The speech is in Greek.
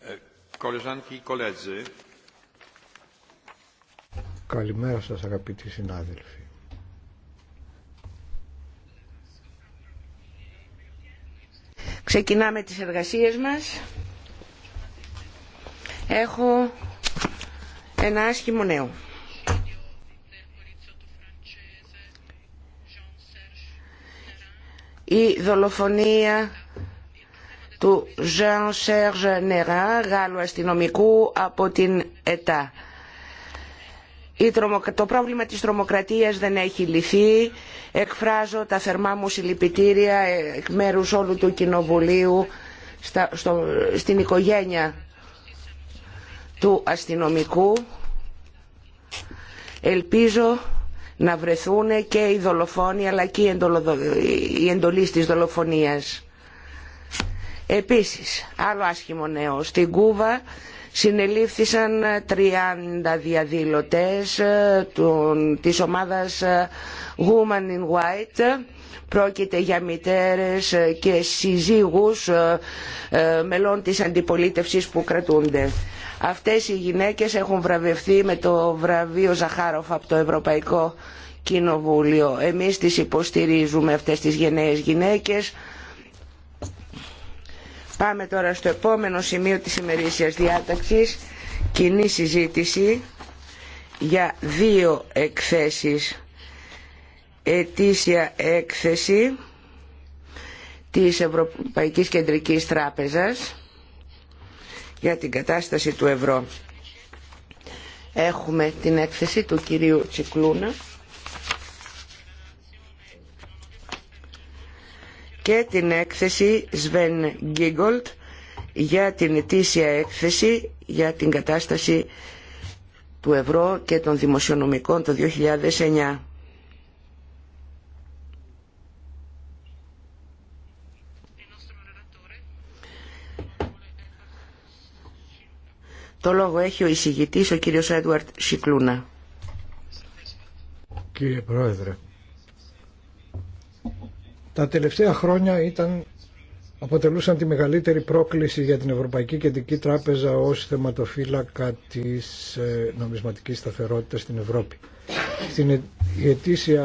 Ε, Καλημέρα σας αγαπητοί συνάδελφοι. Ξεκινάμε τις εργασίες μας. Έχω ένα άσχημο νέο. η δολοφονία του Jean Serge Νερά, Γάλλου αστυνομικού από την ΕΤΑ. Το πρόβλημα της τρομοκρατίας δεν έχει λυθεί. Εκφράζω τα θερμά μου συλληπιτήρια εκ μέρους όλου του Κοινοβουλίου στην οικογένεια του αστυνομικού. Ελπίζω να βρεθούν και οι δολοφόνοι αλλά και οι εντολή της δολοφονίας. Επίσης, άλλο άσχημο νέο, στην Κούβα συνελήφθησαν 30 διαδήλωτες ε, της ομάδας ε, Woman in White. Πρόκειται για μητέρες ε, και συζύγους μελών της αντιπολίτευσης που κρατούνται. Αυτές οι γυναίκες έχουν βραβευθεί με το βραβείο Ζαχάροφ από το Ευρωπαϊκό Κοινοβούλιο. Εμείς τις υποστηρίζουμε αυτές τις γενναίες γυναίκες Πάμε τώρα στο επόμενο σημείο της ημερήσιας διάταξης, κοινή συζήτηση για δύο εκθέσεις. Ετήσια έκθεση της Ευρωπαϊκής Κεντρικής Τράπεζας για την κατάσταση του ευρώ. Έχουμε την έκθεση του κυρίου Τσικλούνα και την έκθεση Sven Giegold για την ετήσια έκθεση για την κατάσταση του ευρώ και των δημοσιονομικών το 2009. Το λόγο έχει ο εισηγητής, ο κύριος Έντουαρτ Σικλούνα. Κύριε Πρόεδρε, τα τελευταία χρόνια ήταν, αποτελούσαν τη μεγαλύτερη πρόκληση για την Ευρωπαϊκή Κεντρική Τράπεζα ως θεματοφύλακα της ε, νομισματικής σταθερότητας στην Ευρώπη. Στην ετήσια